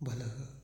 Voilà.